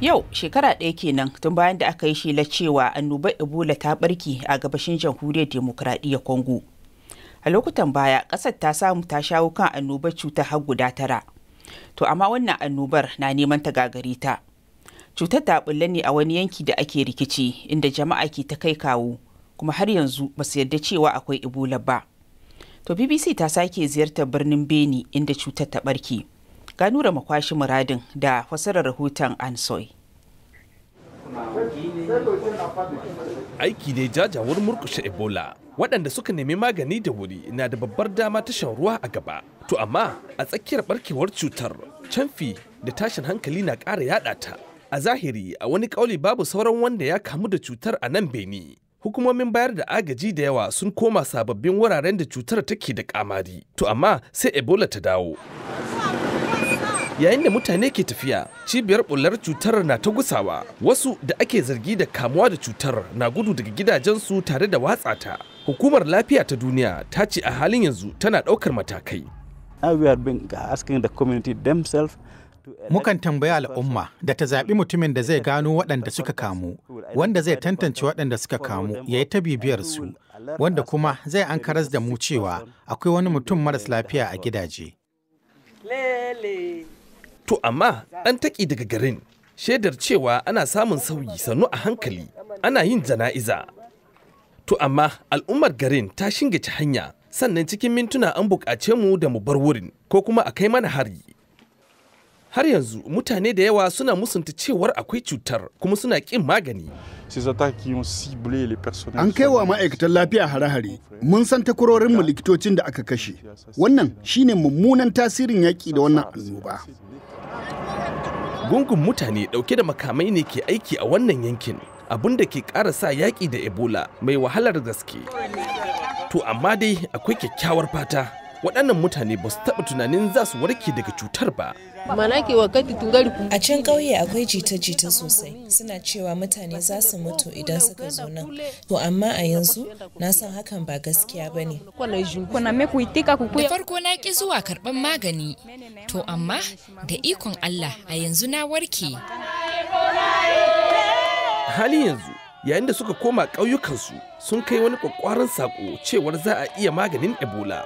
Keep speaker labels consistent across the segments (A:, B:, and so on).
A: Yau shekara ɗaya kenan tun bayan da aka yi shela cewa annobar Ebola ta barke a gabashin jamhuriyar demokuraɗiyyar Congo. A lokutan baya ƙasar ta samu ta shawo kan annobar cutar har guda tara. To amma wannan annobar na neman ta gagari ta. Cutar ta bulla ne a wani yanki da ake rikici inda jama'a ke ta kai kawo kuma har yanzu ba su yarda cewa akwai Ebola ba. To BBC ta sake ziyartar birnin Beni inda cutar ta barke. ga nura makwashi muradin da fasarar rahoton ansoi
B: aiki ne jajawar murkushe ebola waɗanda suka nemi magani da wuri na da babbar dama ta ruwa a gaba to amma a tsakiyar barkewar cutar canfi da tashin hankali na ƙara yaɗa ta a zahiri a wani ƙauli babu sauran wanda ya kamu da cutar a nan beni hukumomin bayar da agaji da yawa sun koma sababbin wuraren da cutar take da kamari to amma sai ebola ta dawo yayin da mutane ke tafiya cibiyar bular cutar na ta gusawa wasu da ake zargi da kamuwa da cutar na gudu daga gidajensu tare da watsa ta hukumar lafiya ta duniya ta ce a halin yanzu tana ɗaukar matakai
C: Mukan tambaya al'umma da ta zaɓi mutumin da zai gano waɗanda suka kamu, wanda zai tantance waɗanda suka kamu ya yi ta bibiyar su, wanda kuma zai an karas da mu cewa akwai wani mutum maras lafiya a
B: gidaje. To amma an taƙi daga garin shaidar cewa ana samun sauyi sannu a hankali ana yin jana'iza. To amma al'ummar garin ta shingace hanya sannan cikin mintuna an buƙace mu da mu bar wurin ko kuma a kai mana hari. Har yanzu mutane da yawa suna musunta cewar akwai cutar kuma suna ƙin magani. An kai
D: wa ma'aikatan lafiya hare-hare, mun san takwarorinmu likitocin da aka kashe. Wannan shine mummunan tasirin yaƙi da wannan
B: annoba. gungun mutane dauke da makamai ne ke aiki a wannan yankin abun da ke ƙara sa yaƙi da ebola mai wahalar gaske to amma dai akwai kyakkyawar fata waɗannan mutane ba su taɓa tunanin za su warke daga cutar ba.
A: A can ƙauye akwai jita-jita sosai suna cewa mutane za su mutu idan suka zo nan. To amma a yanzu na san hakan ba gaskiya ba ne. Da farko na ƙi zuwa karɓar magani. To amma da ikon Allah a yanzu na warke.
B: Hali yanzu yayin da suka koma ƙauyukansu sun kai wani kwakwaran saƙo cewar za a iya maganin Ebola.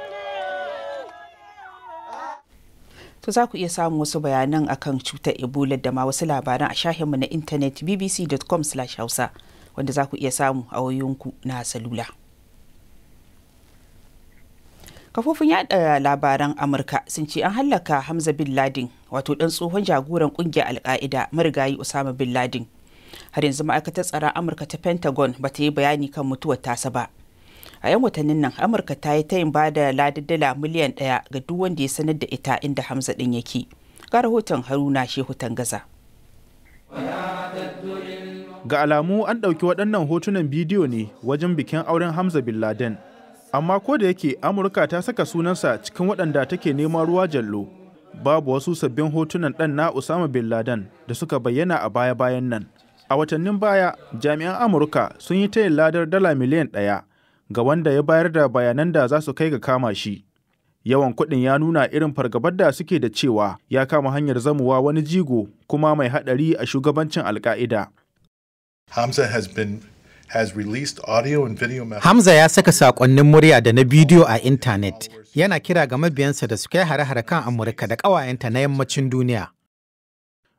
A: To za ku iya samun wasu bayanan akan cutar Ebola da ma wasu labaran a shahinmu na intanet bbc.com/hausa wanda za ku iya samu a wayoyinku na salula. Kafofin yada labaran Amurka sun ce an hallaka Hamza Bin ladin wato ɗan tsohon jagoran ƙungiyar alka'ida marigayi usama Bin ladin Har yanzu ma'aikatar tsaron Amurka ta Pentagon ba ta yi bayani kan mutuwar tasa ba. a 'yan watannin nan amurka ta yi tayin ba da ladaddala miliyan ɗaya ga duk wanda ya sanar da ita inda hamza din yake ga rahoton haruna shehu gaza.
D: ga alamu an ɗauki waɗannan hotunan bidiyo ne wajen bikin auren hamza bin laden amma ko da yake amurka ta saka sunansa cikin waɗanda take neman ruwa jallo babu wasu sabbin hotunan ɗan na usama bin laden da suka bayyana a baya-bayan nan a watannin baya jami'an amurka sun yi tayin ladar dala miliyan ɗaya ga wanda ya bayar da bayanan da za su kai ga kama shi. Yawan kuɗin ya nuna irin fargabar da suke da cewa ya kama hanyar zamuwa wani jigo kuma mai haɗari a shugabancin alka'ida. Hamza
C: ya saka saƙonnin murya da na bidiyo a intanet yana kira ga mabiyansa da su kai hare-hare kan Amurka da ƙawayenta na yammacin duniya.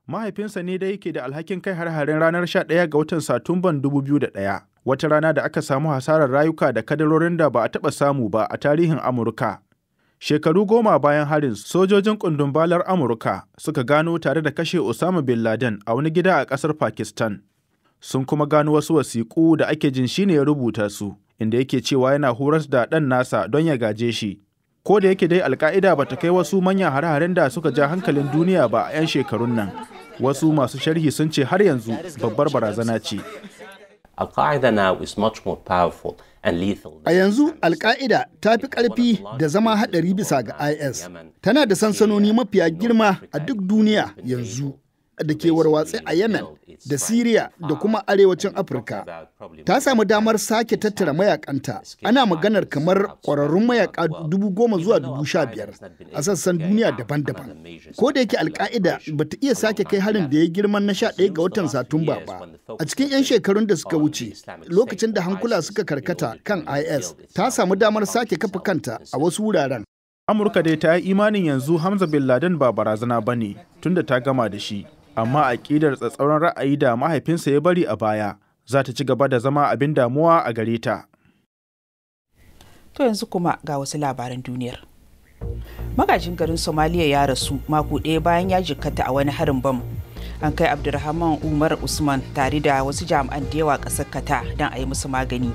D: Mahaifinsa ne da yake da alhakin kai hare-haren ranar 11 ga watan Satumban 2001. wata rana da aka samu hasarar rayuka da kadarorin da ba a taɓa samu ba a tarihin Amurka. Shekaru goma bayan harin sojojin balar Amurka suka gano tare da kashe Osama Bin Laden a wani gida a ƙasar Pakistan. Sun kuma gano wasu wasiƙu da ake jin shi ne ya rubuta su, inda yake cewa yana horas da ɗan nasa don ya gaje shi. Ko da yake dai alka'ida ba ta kai wasu manyan hare-haren da suka ja hankalin duniya ba a 'yan shekarun nan. Wasu masu sharhi sun ce har yanzu babbar barazana ce.
A: much more powerful and lethal.
D: A yanzu Al Qaeda ta fi ƙarfi da zama haɗari bisa ga IS. Tana da sansanoni mafiya girma a duk duniya yanzu. da ke warwatse a Yemen da Siriya da kuma arewacin Afirka. Ta samu damar sake tattara mayakanta, ana maganar kamar kwararrun mayaka dubu goma zuwa dubu sha biyar a sassan duniya daban-daban. Ko da yake alka'ida ba ta iya sake kai harin da ya girma na sha ɗaya ga watan Satumba ba. A cikin 'yan shekarun da suka wuce, lokacin da hankula suka karkata kan IS, ta samu damar sake kafa kanta a wasu wuraren. Amurka dai ta yi imanin yanzu Hamza Bin Laden ba barazana ba ne, tunda ta gama da shi. amma a aƙidar tsatsauran ra'ayi da mahaifinsa ya bari a baya za ta ci gaba da zama abin damuwa a gare ta.
A: To yanzu kuma ga wasu labaran duniyar. Magajin garin somalia ya rasu mako ɗaya bayan ya jikkata a wani harin bam. An kai Abdulrahman Umar Usman tare da wasu jami'an da yawa ƙasar Kata don a yi musu magani.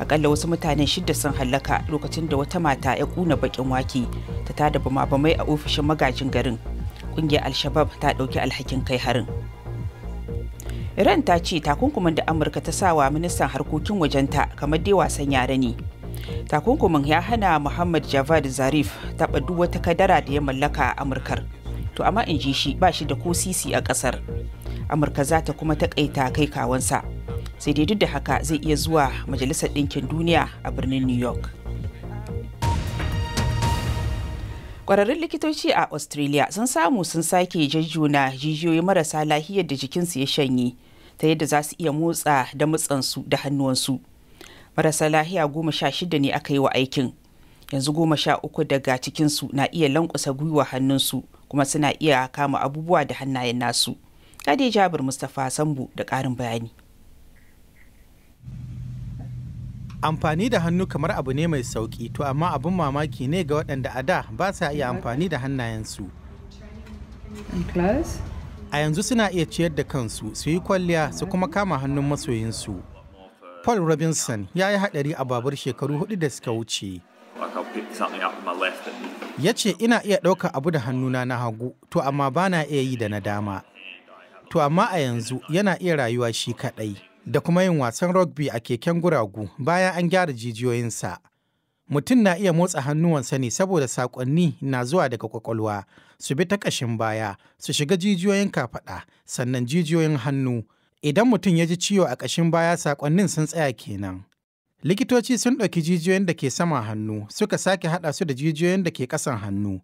A: akalla wasu mutane shida sun hallaka lokacin da wata mata ya ƙuna baƙin wake ta tada bama-bamai a ofishin magajin garin kungiyar al-shabab ta ɗauki alhakin kai harin iran ta ce takunkumin da amurka ta sawa ministan harkokin wajenta kamar dai wasan yare ne takunkumin ya hana muhammad javad zarif taɓa duk wata kadara da ya mallaka a amurkar to amma in ji shi ba shi da ko sisi a ƙasar amurka za ta kuma taƙaita kai kawansa sai dai duk da haka zai iya zuwa majalisar ɗinkin duniya a birnin new york Kwararrun likitoci a Australia sun samu sun sake jajjuna jijiyoyi marasa lahiyar da jikinsu ya shanye ta yadda za su iya motsa da matsansu da hannuwansu. Marasa lahiya goma sha shida ne aka yi wa aikin. Yanzu goma sha uku daga cikinsu na iya lankwasa gwiwa hannunsu kuma suna iya kama abubuwa da hannayen nasu. kadai Jabir Mustapha Sambu da ƙarin bayani.
C: amfani da hannu kamar abu ne mai sauki to amma abin mamaki ne ga waɗanda a da ba sa iya amfani da hannayensu a yanzu suna iya ciyar da kansu su yi kwalliya su kuma kama hannun masoyinsu paul robinson ya yi haɗari a babur shekaru hudu da suka wuce ya ce ina iya ɗauka abu da hannuna na hagu to amma ba na iya yi da na dama to amma a yanzu yana iya rayuwa shi kaɗai da kuma yin wasan rugby a keken guragu bayan an gyara jijiyoyinsa. Mutum na iya motsa hannuwansa ne saboda saƙonni na zuwa daga kwakwalwa su bi ta ƙashin baya su shiga jijiyoyin kafaɗa sannan jijiyoyin hannu. Idan mutum ya ji ciwo a ƙashin baya saƙonnin sun tsaya kenan. Likitoci sun ɗauki jijiyoyin da ke sama hannu suka sake haɗa su da jijiyoyin da ke ƙasan hannu.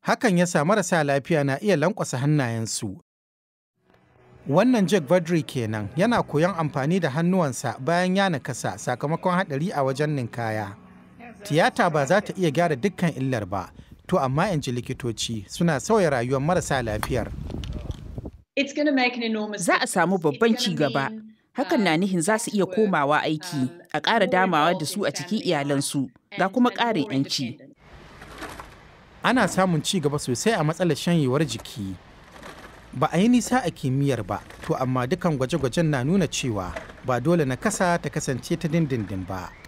C: Hakan ya sa marasa lafiya na iya lankwasa hannayensu Wannan Jake Vadri kenan yana koyon amfani da hannuwansa bayan ya nakasa sakamakon haɗari a wajen ninkaya. Tiyata ba za ta iya gyara dukkan illar ba, to amma in ji likitoci suna sauya rayuwar marasa lafiyar.
A: Za a samu babban ci gaba. Hakan na um, nihin za su iya komawa aiki, a ƙara damawa da su a cikin iyalansu, um, ga kuma ƙarin 'yanci. Ana
C: samun ci gaba sosai a matsalar shanyewar jiki. ba a yi nisa a kimiyyar ba to amma dukan gwaje-gwajen na nuna cewa ba dole na kasa ta kasance ta dindindin ba